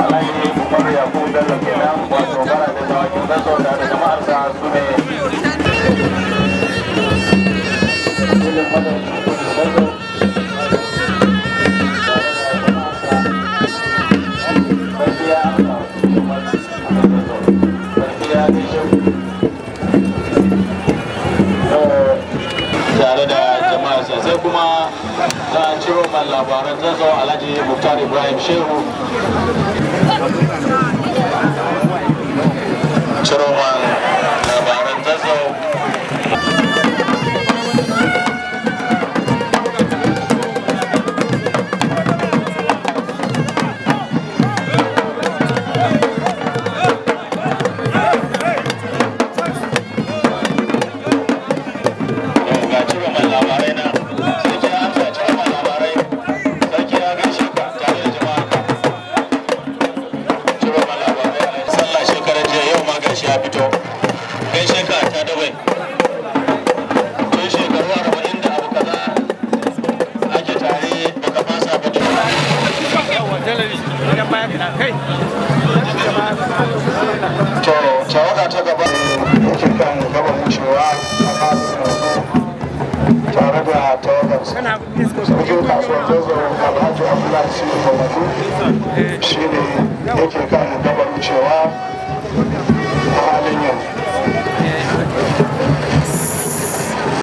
Alhaji Umar Yakubu Bello kenan wato bara da tawakin da jama'arsa su sai kuma a ciro ban labaran zo alhaji muktar ibrahim shehu ciro ban shi ya fito gaishe ka ta dabai tun shekaru arba'in da abu kaza ake tare baka fasa ba to tawaga ta gaba yake kan gaba wucewa a kafin tare da tawagar sarkin kasuwar zazzau alhaji abdullahi sinu kwamatu shi ne yake kan gaba wucewa